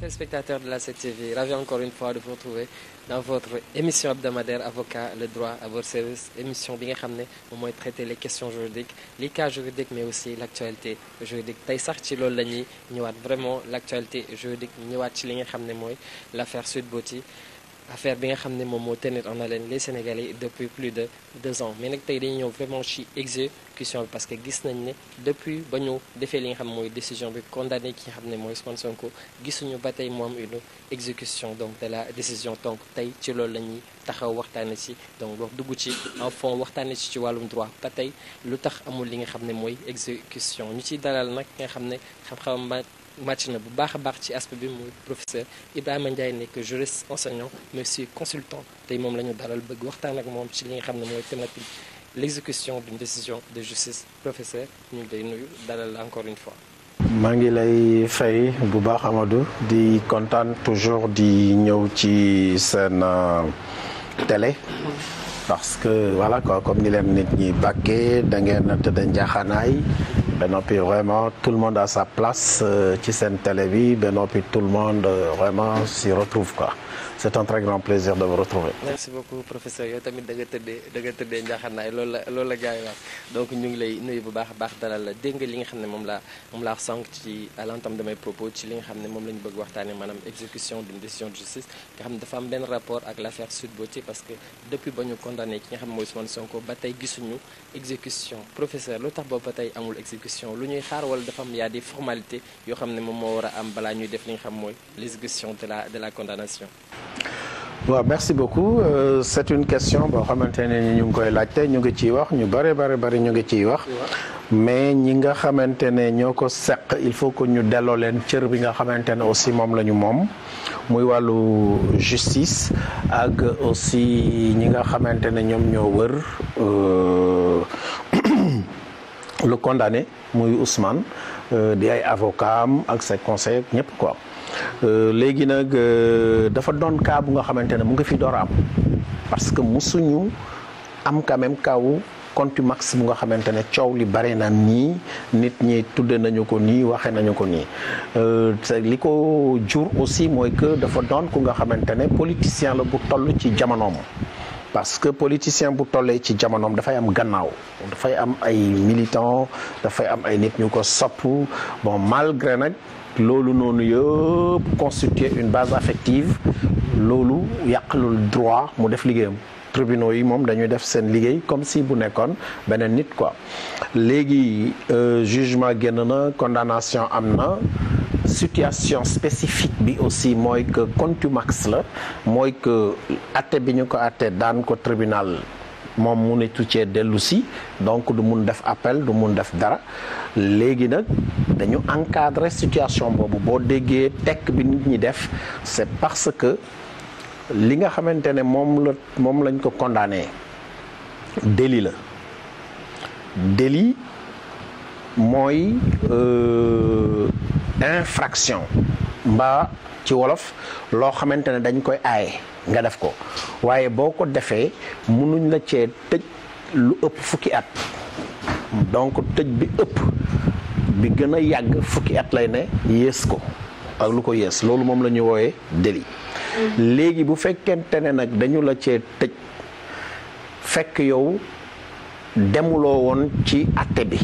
Téléspectateurs de la 7TV, ravi encore une fois de vous retrouver dans votre émission hebdomadaire Avocat, le droit à votre service émission bi nga xam ne moom mooy traiter les questions juridiques les cas juridiques mais aussi l'actualité juridique tey sax ci loolu la ñuy ñëwaat vraiment l'actualité juridique ñëwaat ci li nga xam ne mooy l'affaire Sweet Beauty affaire bi nga xam ne moom moo tenir en haleine les Sénégalais depuis plus de deux ans mais nag tey dañu ñëw vraiment ci exécution parce que gis nañ ne depuis ba ñu defee li nga xam mooy décision bi condamné ki nga xam ne mooy Ousmane Sonko gisuñu ba tey moom une exécution donc de la décision donc tey ci loolu la ñuy taxaw waxtaane ci donc wax dugg ci en fond waxtaane ci ci wàllum droit ba tey lu tax amul li nga xam ne mooy exécution ñu ci dalal nag màcc na bu baax a baax ci aspect bi muy professeur Ibrahima Ndiaye nekk juriste enseignant mais aussi consultant tey moom la dalal bëgg waxtaan ak ci li nga xam ne mooy thématique l'exécution d'une décision de justice professeur ñu ngi lay nuyu dalal encore une fois. maa ngi lay fay bu baax Amadou di kontaan toujours di ñëw ci seen euh, télé. parce que voilà quoi comme ni leen nit ñi bàkkee da ngeen tëdd njaaxaanaay. ba noppi vraiment tout le monde a sa place euh, ci seen télé bi ba noppi tout le monde euh, vraiment s'y retrouve quoi c'est un très grand plaisir de vous retrouver. merci beaucoup professeur yow tamit da nga tëddee loolu la loolu donc ñu ngi lay nuyu bu baax a baax dalal la dégg nga li nga xam ne moom laa moom laa ci à l'entame de propos ci li nga xam ne moom la ñu bëgg waxtaanee maanaam exécution d'une décision de justice nga xam ne dafa am benn rapport ak l'affaire Sweet Beauté parce que depuis ba ñu condamné ki nga xam ne mooy Ousmane Sonko ba tey gisuñu exécution professeur lu ñuy xaar wala dafa am yaa yoo xam ne moom moo war a am balaa ñuy def li nga xam mooy l'exécution de la de la condamnation waaw merci beaucoup euh, c'est une question boo xamante ne ñu ngi koy laajte ñu ngi ciy wax ñu bare bare bari ñu ngi ciy wax mais ñi nga xamante ne ñoo ko seq il faut que ñu delloo leen cër bi nga xamante ne aussi moom la ñu moom muy wàllu justice ak aussi ñi nga xamante ne ñoom ñoo wër euh, le condamné muy Ousmane euh, di ay avocam am ak ses conseils ñëpp quoi Euh, léegi nag euh, dafa doon cas bu nga xamante ne mu ngi fi door am parce que mu suñu am quand kaaw kawu max bu nga xamante ne coow li bare na nii nit ñi tudde nañu ko nii waxee nañu ko nii euh, li ko jur aussi mooy que dafa don ku nga xamante ne politicien la bu toll ci jamonoom. parce que politicien bu tollee ci jamonoom dafay am gannaaw dafay am ay militant dafay am ay nit ñu ko sopp bon malgré nag. loolu noonu yëpp constituer une base affective loolu yàqalul droit mu def liggéeyam tribunaux yi moom dañuy def seen liggéey comme si bu nekkoon beneen nit quoi léegi euh, jugement génn na condamnation am na situation spécifique bi aussi mooy que contumax la mooy que atte bi ñu ko atte daan ko tribunal moom mënatu cee dellu si donc du mun def appel du mun def dara léegi nag dañu encadrer situation boobu boo déggee tekk bi nit ñi def c'est parce que li nga xamante ne moom lañ ko condamné déli la déli mooy euh, infraction mbaa ci wolof loo xamante ne dañ koy aaye nga def ko waaye boo ko defee mënuñ la cee tëj lu ëpp fukki at donc tëj bi ëpp bi gën a yàgg fukki at lay ne yées ko ak lu ko yées loolu moom la ñu wooyee délit mm-hmm. léegi bu fekkente ne nag dañu la cee tëj fekk yow demuloo woon ci àtte bi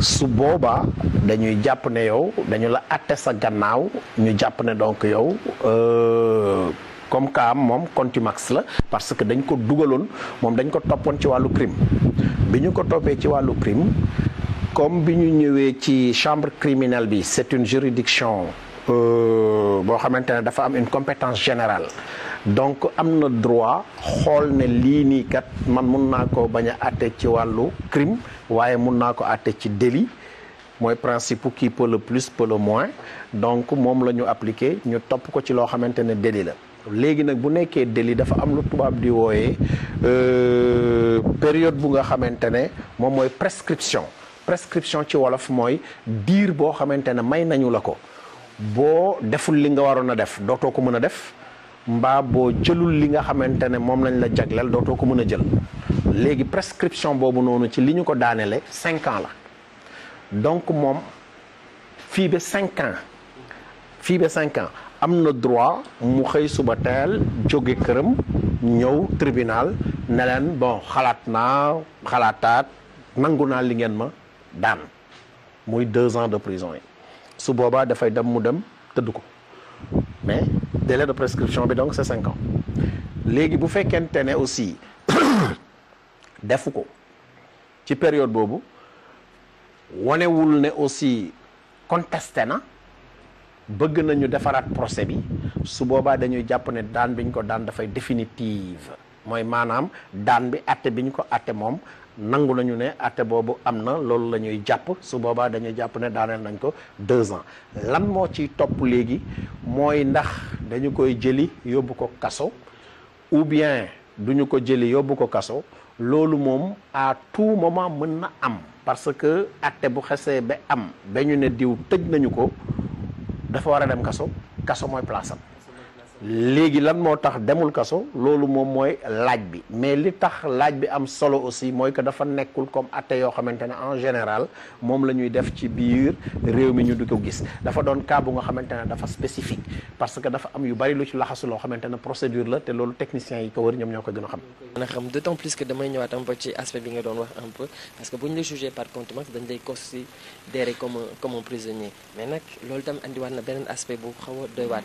su boobaa dañuy jàpp ne yow dañu la àtte sa gannaaw ñu jàpp ne donc yow euh, comme am moom contumax la parce que dañ ko dugaloon moom dañ ko toppoon ci wàllu crime bi ñu ko toppee ci wàllu crime comme bi ñu ñëwee ci chambre criminale bi c'est une juridiction euh, boo xamante ne dafa am une compétence générale donc am na droit xool ne lii nii kat man mun naa ko bañ a àtte ci wàllu crime waaye mun naa ko àtte ci délit mooy principe kii pour le plus peut le moins donc moom la ñu appliqué ñu topp ko ci loo xamante ne délit la léegi nag bu nekkee délit dafa am lu tubaab di wooyee euh, période bu nga xamante ne moom mooy prescription prescription ci wolof mooy diir boo xamante ne may nañu la ko boo deful li nga waroon a def dootoo ko mën a def mbaa boo jëlul li nga xamante ne moom lañ la jagleel too ko mën a jël léegi prescription boobu noonu ci li ñu ko daaneele cinq la donc moom fii ba cinq ans fii ba cinq ans am na droit mu xëy suba teel jóge këram ñëw tribinal neleen leen bon xalaat naa xalaataat nangu naa li ngeen ma daan muy deux ans de prison yi su boobaa dafay dem mu dem tëdd ko mais délai de prescription bi donc c'est cinq ans léegi bu fekkente ne aussi defu ko ci période boobu wanewul ne aussi contesté na bëgg nañu defaraat procès bi su boobaa dañuy jàpp ne daan biñ ko daan dafay définitive mooy maanaam daan bi àtte biñ ko àtte moom nangu nañu ne àtte boobu am na loolu la ñuy jàpp su boobaa dañuy jàpp ne daaneel nañ ko deux ans lan moo ci topp léegi mooy ndax dañu koy jëli yóbbu ko kaso ou bien duñu ko jëli yóbbu ko kaso loolu moom à tout moment mën na am parce que atte bu xasee ba am ba ñu ne diw tëj nañu ko dafa war a dem kaso kaso mooy place léegi lan moo tax demul kaso loolu moom mooy laaj bi mais li tax laaj bi am solo aussi mooy que dafa nekkul comme atte yoo xamante ne en général moom la ñuy def ci biir réew mi ñu du ko gis dafa doon cas bu nga xamante ne dafa spécifique parce que dafa am yu bari lu ci laxasu loo xamante ne procédure la te loolu techniciens yi ko wër ñoom ñoo ko gën a xam. na xam que damay ñëwaat am ba ci aspect bi nga doon wax un peu parce que bu ñu la jugé par mais nag loolu tam andiwaat na beneen aspect bu xaw a doy waat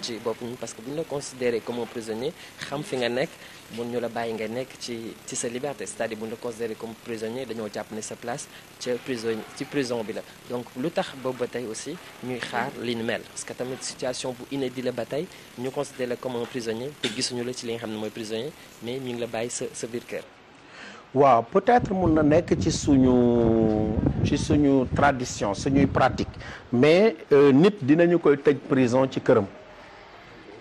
considéré comme un prisonnier xam fi nga nekk mun ñu la bàyyi nga nekk ci ci sa liberté c'est-à-dire bu ñu la considéré comme prisonnier dañoo jàpp ne sa place ca prison ci prison bi la donc lu tax boobu ba tey aussi ñuy xaar li mel parce que tamit situation bu inédit la ba tey ñu considéré la comme un prisonnier te gisuñu la ci li nga xam ne mooy prisonnier mais ñu ngi la bàyyi sa sa biir kër waaw peut-être mun na nekk ci suñu suñu tradition suñuy pratique mais euh, nit dinañu koy tëj prison ci këram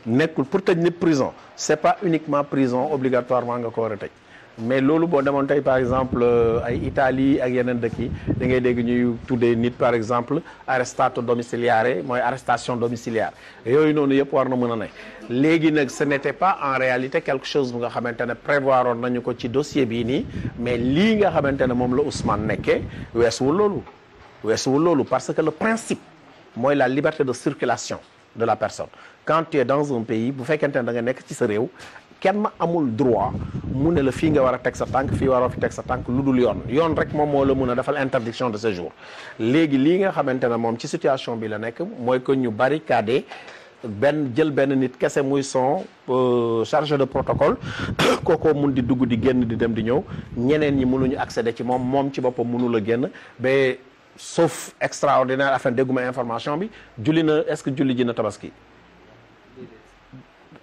nekkul pour teg nit prison c'est pas uniquement prison obligatoirement nga ko war a tëj mais loolu boo demoon tey par exemple euh, ay itali ak yeneen dëkk yi da ngay dégg ñuy tuddee nit par exemple arrestato domiciliare mooy arrestation domiciliaire yooyu noonu yëpp war na mën a ne léegi nag ce n'était pas en réalité quelque chose bu nga xamante ne prévoir oon nañu ko ci dossier bii nii mais lii nga xamante ne moom la Ousmane nekkee weesuwul loolu weesuwul loolu parce que le principe mooy la liberté de circulation de la personne quand tu es dans un pays bu fekkente ne da nga nekk ci sa réew kenn amul droit mu ne la fii nga war a teg sa tànk fii waroo fi teg sa tànk lu dul yoon yoon rek moom moo la mun a defal interdiction de séjour léegi lii nga xamante ne moom ci situation bi la nekk mooy que ñu barricadé benn jël benn nit kese muy son euh, chargé de protocole kookoo mun di dugg di génn di dem di ñëw ñeneen ñi mënuñu accéder ci moom moom ci boppam mënul a génn ba sauf extraordinaire afin dégguma information bi julli na est-ce que julli ji tabaski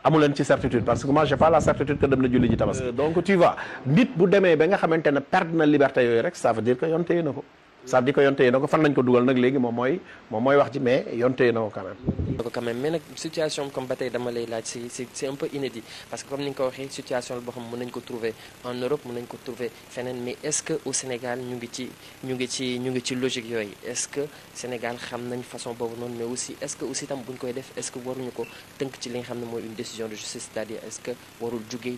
amu leen ci certitude parce que moi j'ai pas la certitude que dem na julli ji euh, donc tu vois nit bu demee ba nga xamante ne perdre na liberté yooyu rek ça dire que yoon téye na ko ça di ko yonte yi na ko fan lañ ko dugal nag léegi moom mooy moom mooy wax ci mais yonte yi na ko quand mais nag situation comme ba tey dama lay laaj si si c'est un peu inédit parce que comme ni nga ko waxee situation la boo xam mën nañ ko trouver en Europe mën nañ ko trouver feneen mais est au Sénégal ñu ngi ci ñu ngi ci ñu ngi ci logique yooyu est-ce que Sénégal xam nañ façon boobu noonu mais aussi est-ce aussi tam bu ñu koy def est-ce que waruñu ko tënk ci li xam ne mooy une décision de justice c'est-à-dire est bi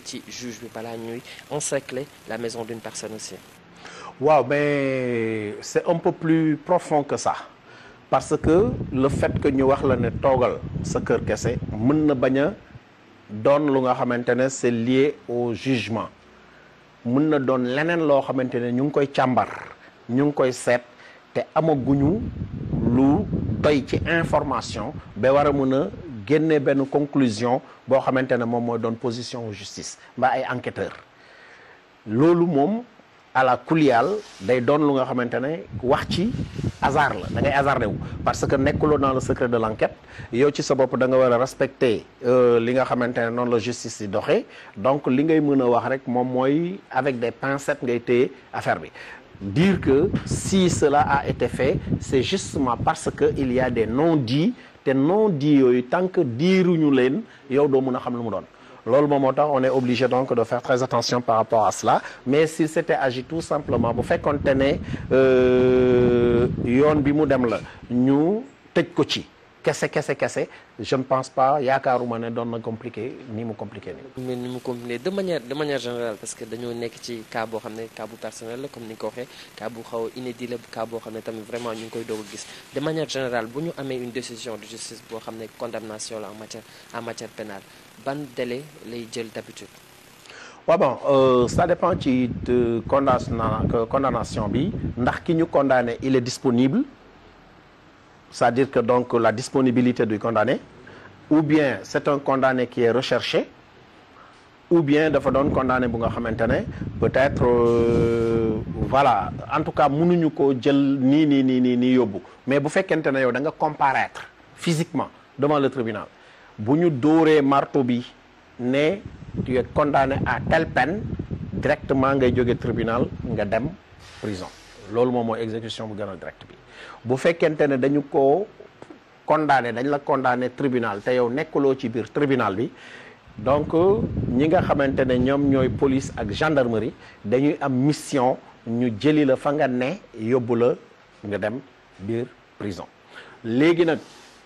balaa ñuy encercler la maison d'une personne aussi waaw mais c'est un peu plus profond que sax parce que le fait que ñu wax la ne toogal sa kër kese mën na bañ a doon lu nga xamante ne c'est lié au jugement mun na doon leneen loo xamante ne ñu ngi koy càmbar ñu ngi koy seet te amaguñu lu doy ci information ba war a mun a génne benn conclusion boo xamante ne moom mooy doon position justice mbaa ay enquêteur loolu moom ala kuliyal day doon lu nga xamante ne wax ci hasard la da ngay wu parce que nekkuloo dans le secret de l'enquête yow ci sa bopp da nga war a respecter euh, li nga xamante ne noonu la justice yi doxee donc li ngay mën a wax rek moom mooy avec des pincettes ngay téye affaire bi dire que si cela a été fait c'est justement parce que il y des non di te non di yooyu tant que diiruñu leen yow doo mën a xam lu mu doon loolu moom moo tax on est obligé donc de faire très attention par rapport à cela mais s'il s'était agi tout simplement bu fekkonte ne euh, yoon bi mu dem la ñu tëj ko ci kese kese kese je ne pense pas yaakaaruma ne doon na compliqué ni mu compliqué de manière générale parce que dañoo nekk ci cas boo xam ne cas bu personnel la comme ni ko waxee cas bu xaw a boo xam ne tam vraiment ñu ngi koy doog a gis de manière générale bu ñu amee une décision de justice boo xam ne condamnation la matière en matière ban délai lay jël d'habitude waaw bon euh, ça dépend ci condamnation bi ndax ki ñu condamné il est disponible c'est-à-dire que donc la disponibilité du condamné ou bien c'est un condamné qui est recherché ou bien dafa doon condamné bu nga xamante ne peut-être euh, voilà en tout cas mënuñu ko jël nii nii nii nii nii yóbbu mais bu fekkente ne yow da nga comparaître physiquement devant le tribunal bu ñu dóoree marto bi ne tu es à telle peine directement ngay jóge tribunal nga dem prison loolu moom mooy exécution bu gën a direct bi bu fekkente ne dañu ko kondaane dañ la condamné tribunal te yow nekkuloo ci biir tribunal bi donc ñi nga xamante ne ñoom ñooy police ak gendarmerie dañuy am mission ñu jëli la fa nga ne yóbbu la nga dem biir prison léegi nag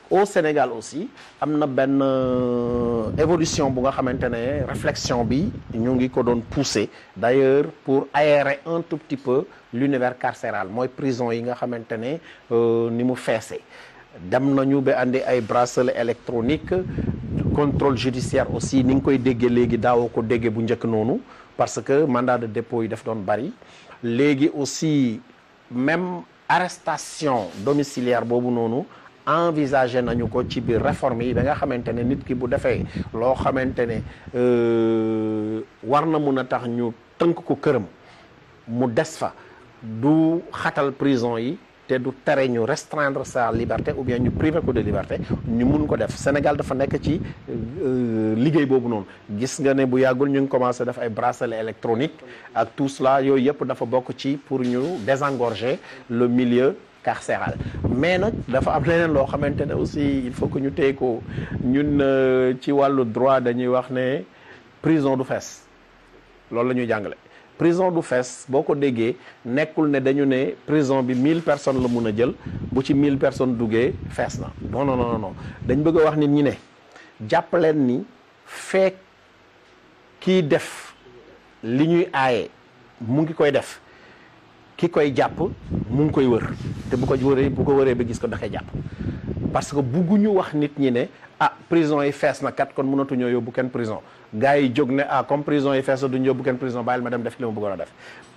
au Sénégal aussi am na benn euh, évolution bu nga xamante ne réflexion bi ñu ngi ko doon pousser d'ailleurs pour aérer un tout petit peu l'univers carcéral mooy prison yi nga xamante ne euh, ni mu feese dem nañu ba andi ay bracelet électronique contrôle judiciaire aussi ni nga koy déggee léegi daawoo ko déggee bu njëkk noonu parce que mandat de dépôt yi def doon bari léegi aussi même arrestation domiciliaire boobu noonu envisagé nañu ko ci biir réforme yi danga xamante ne nit ki bu defee loo xamante ne euh, war na mun a tax ñu tënk ko këram mu des fa du xatal prison yi te du tere ñu restreindre sa liberté ou bien ñu priver ko de liberté ñu mun ko def Sénégal dafa nekk ci euh, liggéey boobu noonu gis nga ne bu yàggul ñu ngi commencé def ay bracelet électronique ak tout cela yooyu yëpp dafa bokk ci pour ñu désengorger le milieu carcérale mais nag dafa am leneen loo xamante ne aussi il faut que ñu téye ko ñun euh, ci wàllu droit dañuy wax ne prison du fees loolu la ñuy jàngale prison du fees boo ko déggee nekkul ne dañu ne prison bi mille personnes la mun a jël bu ci mille personnes duggee fees na non non non dañ bëgg a wax nit ñi ne jàpp ni fekk kiy def li ñuy aaye mu ngi koy def ki koy jàpp mu ngi koy wër te bu ko wëree bu ko wëree ba gis ko doxee jàpp parce que ñu wax nit ñi ne ah prison yi fees na kat kon mënatuñoo yóbbu kenn prison gars yi jóg ne ah comme prison yi fees na duñ yóbbu kenn prison bàyyil ma dem def li ma bëggoon a def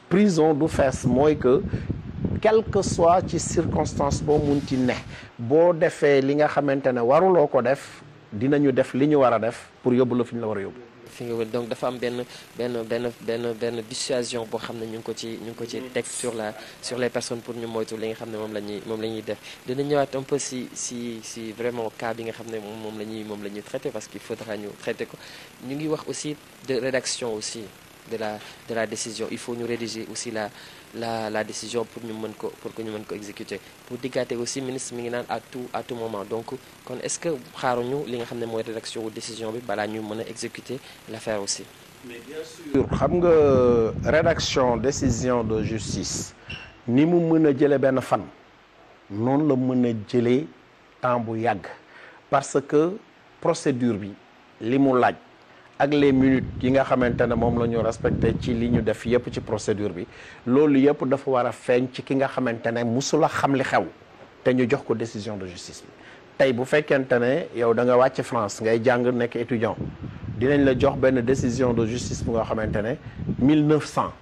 prison du fees mooy que quelque que soit ci circonstance boo mun ci ne boo defee li nga xamante ne waruloo ko def dinañu def li ñu war a def pour yóbbu la fi ñu la war a yóbbu fi nga wér donc dafa am benn benn benn benn benn dissuasion boo xam ne ñu ngi ko ci ñu ngi ko ci teg sur la sur les personnes pour ñu moytu li nga xam ne moom la ñuy moom la ñuy def dina ñëwaat un peu si si vraiment cas bi nga xam ne moom la ñuy moom la ñuy traité parce qu'il faudra ñu traité ko ñu ngi wax aussi de rédaction aussi de la de la décision il faut ñu rédiger aussi la la la décision pour ñu mën ko pour que ñu mën ko exécuter pour diggaate aussi ministre mi ngi naan à tout à moment donc kon est-ce que xaaruñu li nga xam ne mooy rédaction wu décision bi balaa ñu mën a exécuter l'affaire aussi. mais bien sûr xam nga rédaction décision de justice ni mu mën a jëlee benn fan noonu la mën a jëlee temps bu yàgg parce que procédure bi li mu laaj. ak les minutes yi nga xamante ne moom la ñu respecté ci li ñu def yëpp ci procédure bi loolu yëpp dafa war a feeñ ci ki nga xamante ne musula xam li xew te ñu jox ko décision de justice bi tey bu fekkente ne yow da nga wàcc France ngay jàng nekk étudiant dinañ la jox benn décision de justice bu nga xamante ne 1900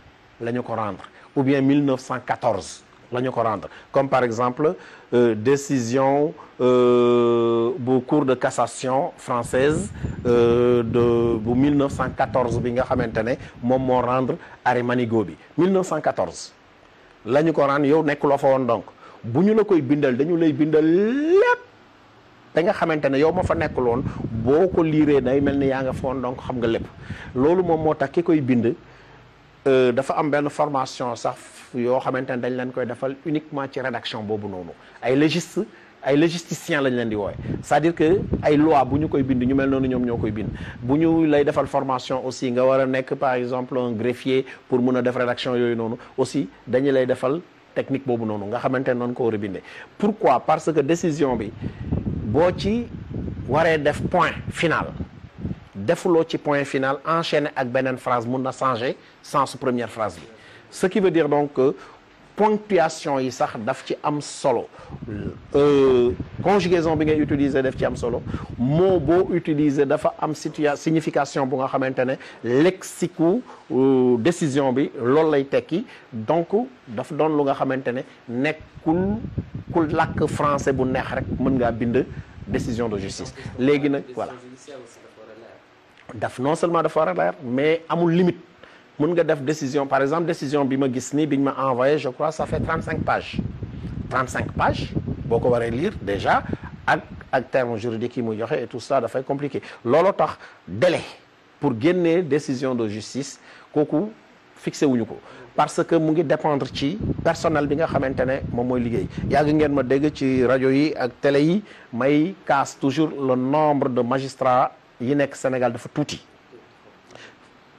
la ñu ko rendre ou bien 1914. la ñu ko rendre comme par exemple euh, décision euh, bu cour de cassation française euh, de bu 1914 bi nga xamante ne moom moo rendre arrêt Manigo bi 1914 la ñu ko rendre yow nekkuloo fa woon donc bu ñu la koy bindal dañu lay bindal lépp da nga xamante ne yow ma fa nekkul woon boo ko liiree day mel ni yaa nga fa woon donc xam nga lépp loolu moom moo tax ki koy bind euh, dafa am benn formation sax yoo xamante ne dañ leen koy defal uniquement ci rédaction boobu noonu ay légiste ay légisticien lañ leen di wooye c'est-à-dire que ay loi bu ñu koy bind ñu mel noonu ñoom ñoo koy bind bu ñu lay defal formation aussi nga war a nekk par exemple un greffier pour mun a def rédaction yooyu noonu aussi dañu lay defal technique boobu noonu nga xamante ne noonu ko war a bindee pourquoi parce que décision bi boo ci waree def point final defuloo ci point final enchaîner ak beneen phrase mun na changer sens première phrase bi ce qui veut dire donc que ponctuation yi sax daf ci am solo euh, conjugaison bi ngay utiliser daf ci am solo moo boo utiliser dafa am situa signification bu nga xamante ne lexiku euh, décision bi loolu lay tekki donc daf doon lu nga xamante ne nekkul ku làkk français bu neex rek mën ngaa bind décision de justice léegi nag voilà daf non seulement dafa war a leer mais amul limite mun nga def décision par exemple décision bi ma gis nii bi ma envoyé je crois ça fait 35 pages cinq pages boo ko waree lire déjà ak ak terme juridique yi mu joxe et tout ça dafay compliqué looloo tax délai pour génnee décision de justice kooku fixé wuñu ko parce que mu ngi dépendre ci personnel bi nga xamante ne moom mooy liggéey yàgg ngeen ma dégg ci rajo yi ak télé yi may casse toujours le nombre de magistrats yi nekk Sénégal dafa tuuti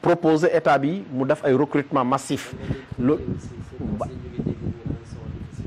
proposer état bi mu def ay recrutement massif lu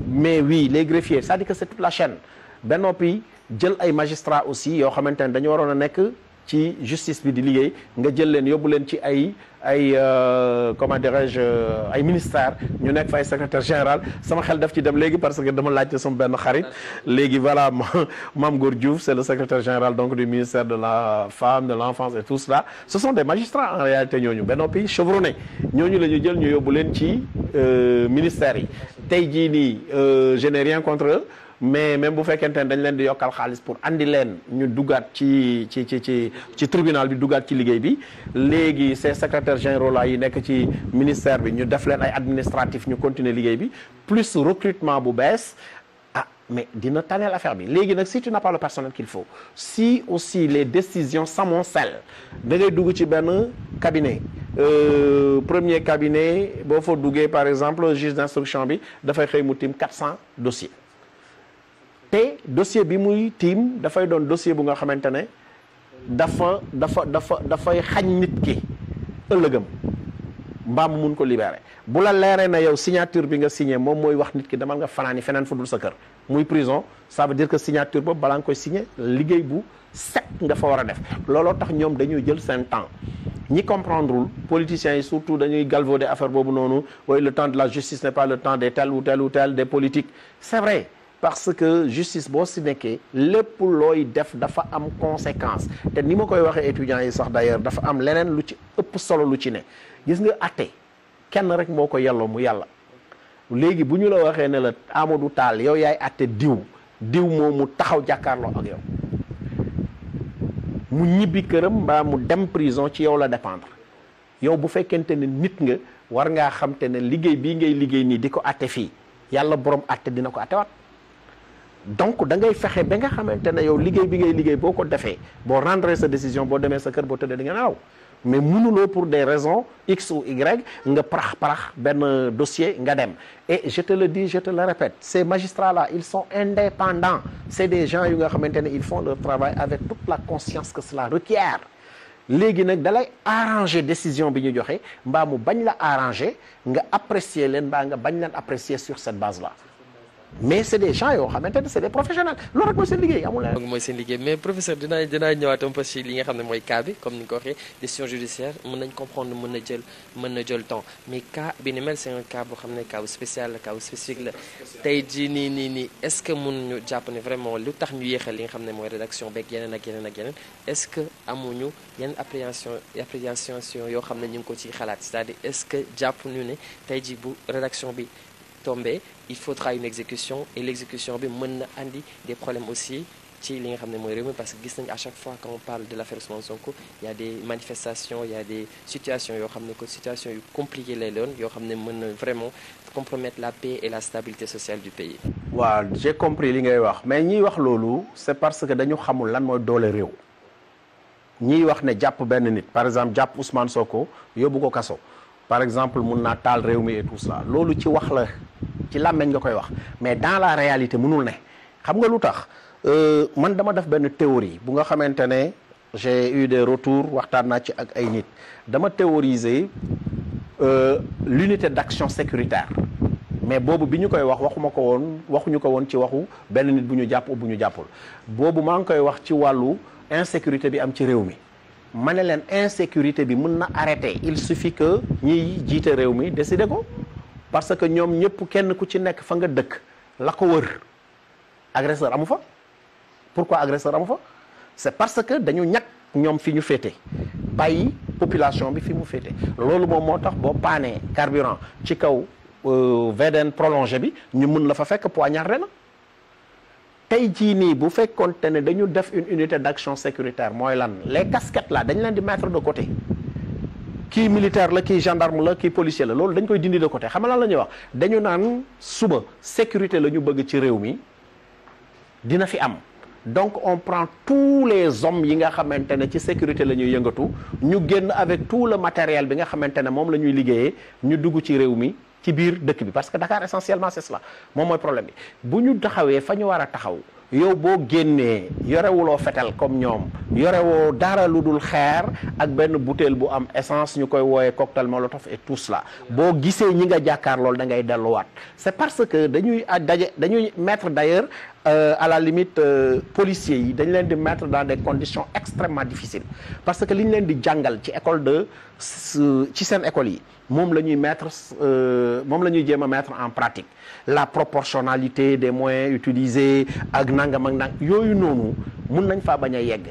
mais oui les greffiers cest à c'est toute la chaîne ba noppi jël ay magistrats aussi yoo xamante ne dañu waroon a nekk ci justice bi di liggéey nga jël leen yóbbu leen ci ay ay euh, comment dirais-je euh, ay ministère ñu nekk fa ay secrétaire général sama xel daf ci dem léegi parce que dama laajte sama benn xarit léegi voilà mam Gour Diouf c'est le secrétaire général donc du ministère de la femme de l'enfance et tout cela ce sont des magistrats en réalité ñooñu benn pays chevronné ñooñu la ñu jël ñu yóbbu leen ci euh, ministères yi tey ji nii je n'ai rien contre eux mais même bu fekkente ne dañ leen di yokkal xaalis pour andi leen ñu duggaat ci ci ci ci ci tribunal bi duggaat ci liggéey bi léegi ces secrétaires généraux la yi nekk ci ministère bi ñu def leen ay administratif ñu continuer liggéey bi plus recrutement bu bees ah mais dina taneel affaire bi léegi nag si tu n'as pas le personnel qu'il faut si aussi les décisions s'amoncellent da ngay dugg ci benn cabinet Euh, premier cabinet boo fa duggee par exemple juge d'instruction bi dafay xëy mu tim 400 dossiers te dossier bi muy tiim dafay doon dossier bu nga xamante ne dafa dafa dafa dafay xañ nit ki ëllëgam mbaam mu mun ko libéré bu la leeree na yow signature bi nga signé moom mooy wax nit ki demal nga fanaani feneen fu dul sa kër muy prison ça veut dire que signature boobu balaa nga koy signé liggéey bu set nga fa war a def looloo tax ñoom dañuy jël seen temps ñi comprendrewul politiciens yi surtout dañuy galvauder affaire boobu noonu waaye le temps de la justice n'est pas le temps des tel parce que justice boo si nekkee lépp looy def dafa am conséquence te ni ma koy waxee étudiants yi sax d'ailleurs dafa am leneen lu ci ëpp solo lu ci ne gis nga atte kenn rek moo ko yelloo mu yàlla léegi bu ñu la waxee ne la Amadou taal yow yaay atte diw diw moom mu taxaw jàkkaarloo ak yow mu ñibbi këram mbaa mu dem prison ci yow la dépendre yow bu fekkente ne nit nga war ngaa xam te ne liggéey bii ngay liggéey nii di ko atte fii yàlla borom atte dina ko attewaat donc da ngay fexe ba nga xamante ne yow liggéey bi ngay liggéey boo ko defee boo rendre sa décision boo demee sa kër boo tëddee di nga naaw mais mënuloo pour des raisons x ou y nga parax parax benn dossier nga dem e je te le dis je te le répète ces magistrats là ils sont indépendants c'est des gens yu nga xamante ne ils font leur travail avec toute la conscience que cela requiert léegi nag dalay arranger décision bi ñu joxe mbaa mu bañ la arranger nga apprécier leen mbaa nga bañ leen apprécier sur cette base mais c' est des gens yoo xamante ne c' est des xam ne mooy cas comme ni ko waxee décision judiciaire mën nañ comprendre mën na jël na jël temps mais cas bi ni mel c' est boo xam ne cas spécial la cas bu spécifique tey jii nii nii nii est ce que mun ñu jàpp ne vraiment lu tax ñu yéexal li nga xam ne mooy rédaction beeg yeneen ak yeneen ak yeneen est ce que amuñu yenn appréhension yoo xam ne ñu ngi ko ciy xalaat c' est à est ce que jàpp ñu ne tey jii bu rédaction bi tombé il faudra une exécution et l'exécution bi mën na indi des problèmes aussi ci li nga xam ne mooy réew mi parce que gis nañu à chaque fois quand on a des y a yoo xam ne que situation yu compliqué lay doon yoo xam ne mën na vraiment compromettre la paix et la stabilité sociale du pays. waaw j'ai compris li ngay wax mais ñiy wax loolu c'est parce que dañu xamul lan mooy doole réew ñiy wax ne jàpp benn nit par exemple jàpp Ousmane ko yóbbu ko kaso par exemple mun naa taal réew mi et tout loolu ci wax la. ci làmmeñ nga koy wax mais dans la réalité mënul ne xam nga lu tax euh, man dama def benn théorie bu nga xamante ne j'ai eu des retours waxtaan naa ci ak ay nit dama théoriser euh, l'unité d'action sécuritaire mais boobu bi ñu koy wax waxuma ko woon waxuñu ko woon ci waxu benn nit bu ñu jàpp bu ñu jàppul boobu maa ngi koy wax ci wàllu insécurité bi am ci réew mi ma ne leen insécurité bi mën na arrêter il suffit que ñiy jiite réew mi décider ko parce que ñoom ñëpp kenn ku ci nekk fa nga dëkk la ko wër agresseur amu fa pourquoi agresseur amu fa c'est parce que dañu ñàkk ñoom fi ñu féete bàyyi population bi fi mu féete loolu moom moo tax boo paanee carburant ci kaw euh, VDN prolongé bi ñu mun la fa fekk poignardé na tey jii nii bu fekkoon te ne dañu def une unité d'action sécuritaire mooy lan les casquettes laa dañ leen di mettre de côté kii militaire la kii gendarme la kii policier la loolu dañ koy dindi de côté xam lan la wax dañu naan suba sécurité la ñu bëgg ci réew mi dina fi am donc on prend tous les hommes yi nga xamante ne ci sécurité la ñuy yëngatu ñu génn avec tout le matériel bi nga xamante ne moom la ñuy liggéeyee ñu dugg ci réew mi ci biir dëkk bi parce que Dakar essentiellement c'est la moom mooy problème bi bu ñu taxawee fa ñu war a taxaw yow boo génnee yorewuloo fetal comme ñoom yorewoo dara lu dul xeer ak benn bouteille bu am essence ñu koy wooyee cocktail molotov et tout la boo gisee ñi nga jàkkaar lool da ngay delluwaat c'est parce que dañuy ah, daje dañuy mettre d'ailleurs Euh, à la limite euh, yi dañ leen di mettre dans des conditions extrêmement difficiles parce que li ñu leen di jàngal ci école de ci seen école yi moom la ñuy mettre euh, moom la ñuy jéem a mettre en pratique la proportionnalité des moyens utilisé ak nangam ak nang yooyu noonu mun nañ faa bañ a yegg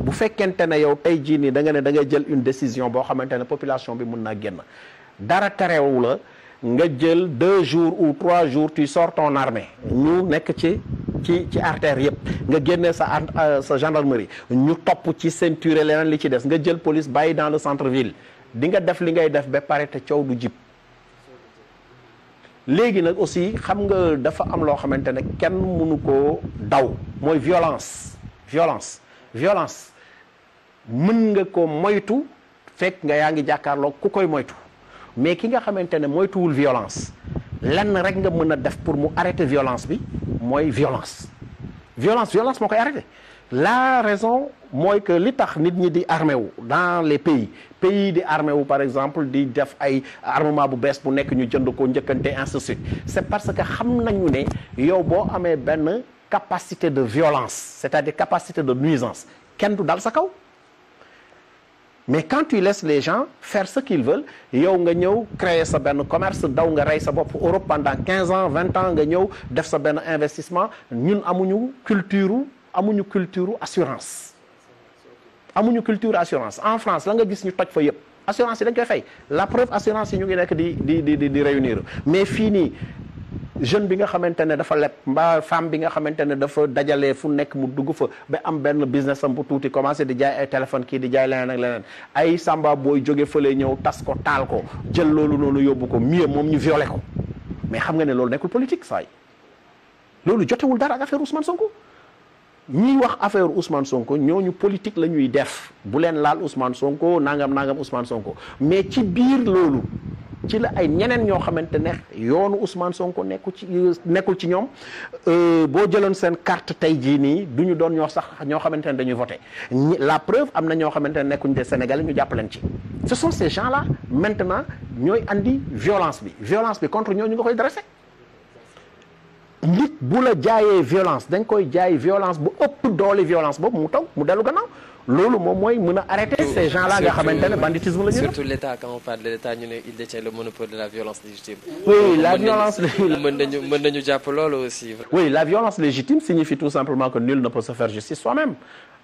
bu fekkente ne yow tey jii nii da ne da jël une décision boo xamante ne population bi mun naa génn dara terewu la nga jël deux jours ou trois jours tu sors ton armée ñu nekk ci ci ci artère yëpp nga génne sa euh, sa gendarmerie ñu topp ci ceinture leneen li ci des nga jël police bàyyi dans le centre ville di nga def li ngay def ba pare te coow du jib léegi nag aussi xam nga dafa am loo xamante ne kenn mënu koo daw mooy violence violence violence mën nga ko moytu fekk nga yaa ngi jàkkaarloo ku koy moytu mais ki nga xamante ne moytuwul violence lenn rek nga mën a def pour mu arrêter violence bi mooy violence violence violence moo koy arrêter la raison mooy que li tax nit ñi di armé wu dans les pays pays di armé wu par exemple di def ay armement bu bees bu nekk ñu jënd ko njëkkante ainsi de suite c'est parce que xam nañu ne yow boo amee benn capacité de violence c'est-à-dire capacité de nuisance kenn du dal sa kaw mais quand tu laisses les gens faire ce qu'ils yow nga ñëw créer sa benn commerce daw nga rey sa bopp Europe pendant 15 ans 20 ans nga ñëw def sa benn investissement ñun amuñu culture amuñu culture assurance amuñu culture assurance en France la nga gis ñu toj fa yëpp assurance yi dañ koy fay la preuve assurance yi ñu ngi nekk di di di di réunir mais fii nii jeune bi nga xamante ne dafa leb mbaa femme bi nga xamante ne dafa dajale fu nekk mu dugg fa ba am benn business sam bu tuuti commencé di jaay ay téléphone kii di jaay leneen ak leneen ay samba booy jóge fële ñëw tas ko taal ko jël loolu noonu yóbbu ko mieux moom ñu violé ko mais xam nga ne loolu nekkul politique saay loolu jotewul dara ak affaire Ousmane Sonko ñiy wax affaire Ousmane Sonko ñooñu politique la ñuy def bu leen laal Ousmane Sonko nangam nangam Ousmane Sonko mais ci biir loolu ci la ay ñeneen ñoo xamante ne yoonu Ousmane Sonko nekku ci nekkul ci ñoom euh, boo jëloon seen carte tey jii nii du ñu doon ñoo sax ñoo xamante ne dañuy voté la preuve am na ñoo xamante ne nekkuñ des Sénégalais ñu jàpp leen ci ce sont ces gens maintenant ñooy andi violence bi violence bi contre ñu nga koy dressé nit bu la jaayee violence dañ koy jaay violence bu ëpp doole violence boobu mu taw mu dellu gannaaw loolu moom mooy mun a arrêter ces gens-là nga xamante ne banditisme la ñu surtout l'État quand la violence légitime. oui la violence légitime mën nañu jàpp loolu aussi. oui la violence légitime signifie tout simplement que nul ne peut justice soi-même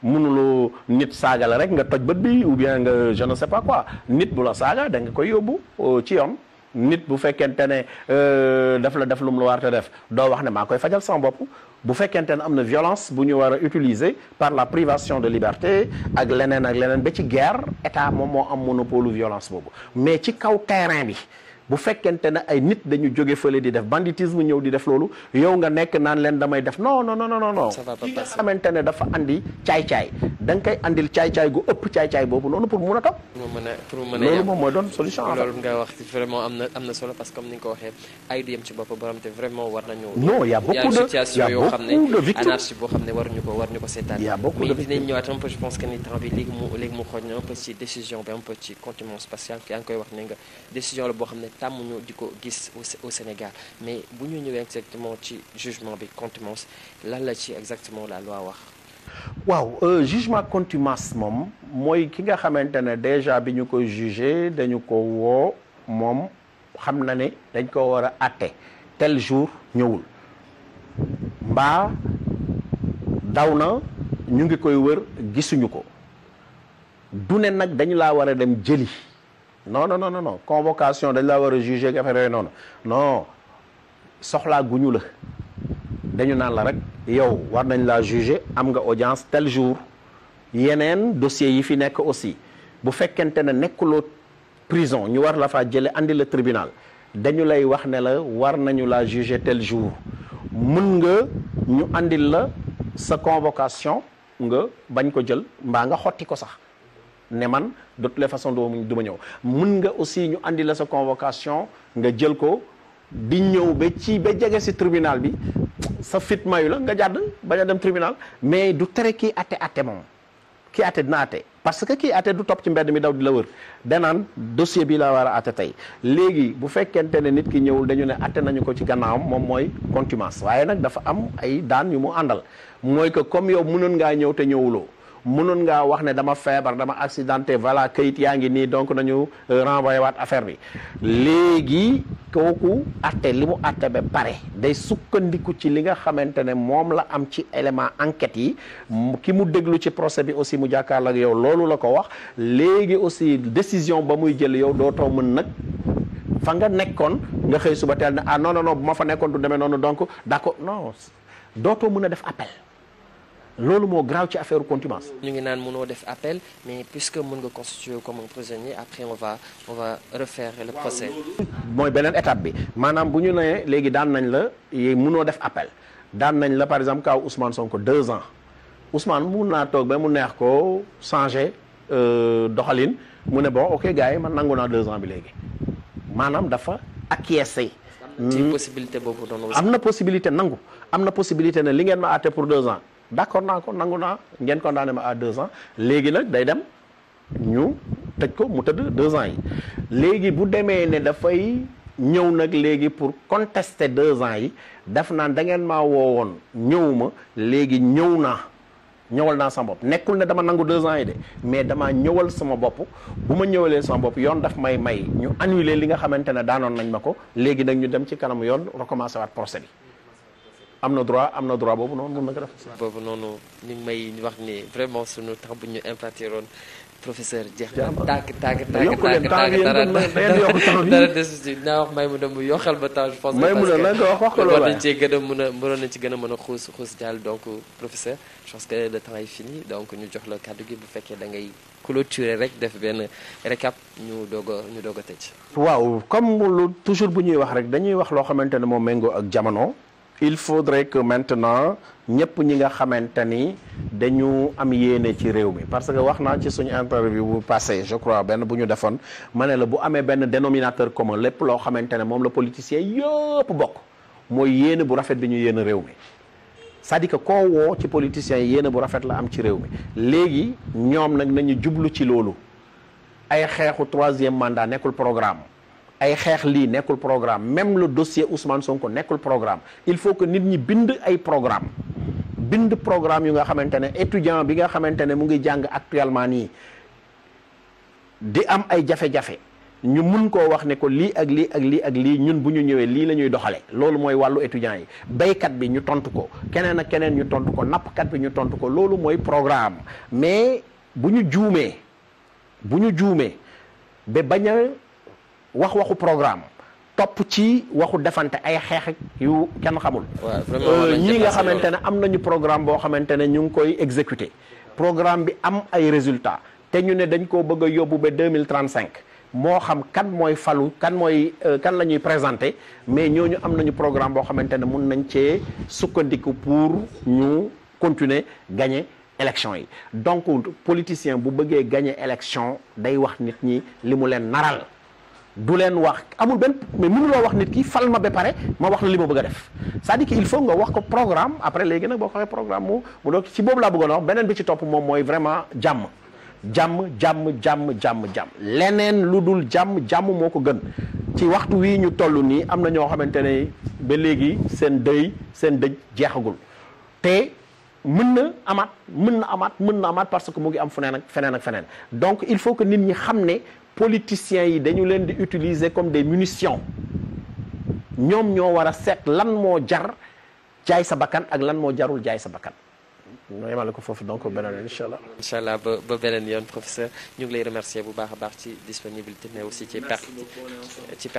mënuloo nit saaga rek nga toj bat bi ou bien nga je ne sais pas quoi nit bu la saaga da nga koy yóbbu euh, ci yoon. nit bu fekkente ne euh, daf la def lu mu def doo wax ne maa koy fajal sama bopp bu fekkente ne am na violence bu ñu war a utiliser par la privation de liberté ak leneen ak leneen ba ci guerre état moom moo am monopole violence boobu mais ci kaw terrain bi bu fekkente ne ay nit dañu jóge fële di def banditisme ñëw di def loolu yow nga nekk naan leen damay def non non non non non ki nga xamante ne dafa andi caay-caay da nga koy andil caay-caay gu ëpp caay-caay boobu noonu pour mun a topp loolu moom mooy doon solution loolu nga wax vraiment am na am na solo parce que comme ni nga ko waxee ay du yem ci bopp borom te vraiment war nañu non y a beaucoup de situation yoo xam ne anarchie boo xam ne waruñu ko waruñu ko seetaan mais dinañ ñëwaat un peu je pense que ni temps bi léegi mu léegi mu xooj na un peu ci décision bi un peu ci continuance spatiale ki yaa ngi koy wax ne nga décision la boo xam ne tàmmuñu di ko gis au Sénégal mais bu ñu ñëwee exactement ci jugement bi contumace lan la ci exactement la loi wax. waaw euh, jugement contumace moom mooy ki nga xamante ne déjà bi ñu koy jugé dañu ko woo moom xam na ne dañ ko war a àtte tel jour ñëwul mbaa daw na ñu ngi koy wër gisuñu ko du ne nag dañu laa war a dem jëli. non non non no convocation dañ laa war a juger ak affaire noonu non soxlaa guñu la dañu naan la rek yow war nañ laa juger am nga audience tel jour yeneen dossiers yi fi nekk aussi bu fekkente ne nekkuloo prison ñu war la fa jële andi la tribunal dañu lay wax ne la war nañu la juger tel jour mun nga ñu andil la sa convocation nga bañ ko jël mbaa nga xotti ko sax ne man de toutes les façons doo du ma ñëw mun nga aussi ñu indi la sa convocation nga jël ko di ñëw ba ci ba jege si tribunal bi sa fit mayu la nga jàdd bañ a dem tribunal mais du tere kii atte atte moom kii atte dina atte parce que kii atte du topp ci mbedd mi daw di la wër danaan dossier bi la war a atte tey léegi bu fekkente ne nit ki ñëwul dañu ne atte nañu ko ci gannaawam moom mooy contumace waaye nag dafa am ay daan yu mu àndal mooy que comme yow mënoon ngaa ñëw te ñëwuloo mënoon ngaa wax ne dama feebar dama accidenté voilà kayit yaa ngi nii donc nañu euh, renvoyé waat affaire bi léegi kooku atte li mu atte ba pare day sukkandiku ci li nga xamante ne moom la am ci élément enquête yi ki mu déglu ci procès bi aussi mu jàkkaarloo ak yow loolu la ko wax léegi aussi décision ba muy jël yow dootoo mën nag fa nga nekkoon nga xëy suba teel ne ah non bu ma fa nekkoon du demee noonu donc d'accord non dootoo mën a def appel loolu moo graaw ci affaire contumace. ñu ngi naan mënoo def appel mais puisque mën nga constituer comme un prisonnier après on va on va refaire le procès. mooy beneen étape bi maanaam bu ñu nee léegi daan nañ la munoo def appel daan nañ la par exemple kaw Ousmane Sonko deux ans Ousmane mun naa toog ba mu neex ko changer euh, doxalin mu ne boo ok gars yi man nangu naa deux ans bi léegi maanaam dafa acquiescer. ci possibilité boobu noonu. am na possibilité nangu am na possibilité ne li ngeen ma àtte pour deux ans. d'accord naa ko nangu naa ngeen condamné ma à deux ans léegi nag day dem ñu tëj ko mu tëdd deux ans yi léegi bu demee ne dafay ñëw nag léegi pour contester deux ans yi def naa da ngeen maa woowoon ñëw ma léegi ñëw naa ñëwal naa sama bopp nekkul ne dama nangu deux ans yi de mais damaa ñëwal sama bopp bu ma ñëwalee sama bopp yoon daf may may ñu annuler li nga xamante ne daanoon nañ ma ko léegi nag ñu dem ci kanamu yoon recommencer waat procès bi am na droit am na droit boobu noonu mun na ko def. boobu noonu ñu may wax ni vraiment sunu temps bu ñu impartiroon professeur jeex na tàkk tàkk tàkk tàkk tàkk dara dara desu si naa wax may mu ba temps je pense que parce que war cee gën mën a mënoon ci gën a mën a xuus xuus jàll donc professeur je pense que le temps est fini donc ñu jox la kàddu gi bu fekkee dangay ngay clôturer rek def benn récap ñu doog a ñu doog a tëj waaw comme lu toujours bu ñuy wax rek dañuy wax loo xamante ne moom méngoo ak jamono il faudrait que maintenant ñëpp ñi nga xamante ni dañu am yéene ci réew mi parce que wax naa ci suñu interview bu passé je crois benn bu ñu defoon ma ne la bu amee benn dénominateur commun lépp loo xamante ne moom la politicien yëpp bokk mooy yéene bu rafet bi ñu yéene réew mi cest à que koo ci politicien yi yéene bu rafet la am ci réew mi léegi ñoom nag nañu jublu ci loolu ay xeexu troisième mandat nekkul programme ay xeex lii nekkul programme même le dossier Ousmane ko nekkul programme il faut que nit ñi bind ay programme bind programme yu nga xamante ne étudiant bi nga xamante ne mu ngi jàng actuellement nii di am ay jafe-jafe ñu mun ko wax ne ko lii ak lii ak lii ak lii ñun bu ñu ñëwee lii la ñuy doxale loolu mooy wàllu étudiant yi béykat bi ñu tontu ko keneen ak keneen ñu tontu ko nappkat bi ñu tontu ko loolu mooy programme mais bu ñu juumee bu ñu juumee ba bañ wax waxu programme topp ci waxu defante ay xeex yu kenn xamul. Euh, ñii nga xamante ne am nañu programme boo xamante ne ñu ngi koy exécuter programme bi am ay résultats te ñu ne dañ koo bëgg a yóbbu ba deux mille trente cinq moo xam kan mooy falu kan mooy euh, kan la ñuy présenter mais ñooñu am nañu programme boo xamante ne mun nañ cee sukkandiku pour ñu continuer gañe élection yi donc politicien bu bëggee gagner élection day wax nit ñi li mu leen naral. du leen wax amul benn mais loo wax nit kii fal ma ba pare ma wax la li ma bëgg a def cest à que il faut nga wax ko programme après léegi nag boo ko waxee programme mu mu doog ci boobu laa bëggoon wax beneen bi ci topp moom mooy vraiment jàmm jàmm jàmm jàmm jàmm jàmm leneen lu dul jàmm jàmm moo ko gën ci waxtu wii ñu toll nii am na ñoo xamante ne ba léegi seen dëy seen dëj jeexagul te mën na amaat mën na amaat mën na amaat parce que mu ngi am feneen ak feneen ak feneen donc il faut que nit ñi xam ne politiciens yi dañu leen di utiliser comme des munitions ñoom ñoo war a seet lan moo jar jaay sa bakkan ak lan moo jarul jaay sa bakkan ñoo yemale ko foofu donc beneen yoon incha allah. incha allah ba ba beneen yoon professeur ñu ngi lay remercier bu baax a baax ci disponibilité mais aussi ci per ci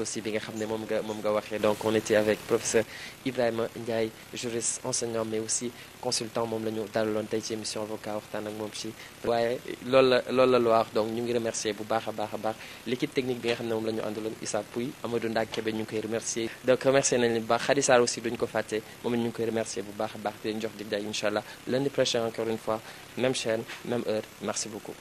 aussi bi nga xam ne moom nga moom nga waxee donc on était avec professeur Ibrahima Ndiaye juriste enseignant mais aussi. consultant moom la ñu dalaloon tey ci émission avocat waxtaan ak moom ci waaye loolu la loolu la donc ñu ngi remercier bu baax a baax a baax l'équipe technique bi nga xam ne moom la ñu àndaloon Issa Pouy Amadou Ndak Kébé ñu ngi koy remercier donc remercier nañ bu baax Khady Sarr aussi duñu ko fàtte moom ñu ngi koy remercier bu baax a baax di leen jox dig day incha allah lundi prochain encore une fois même chaîne même heure merci beaucoup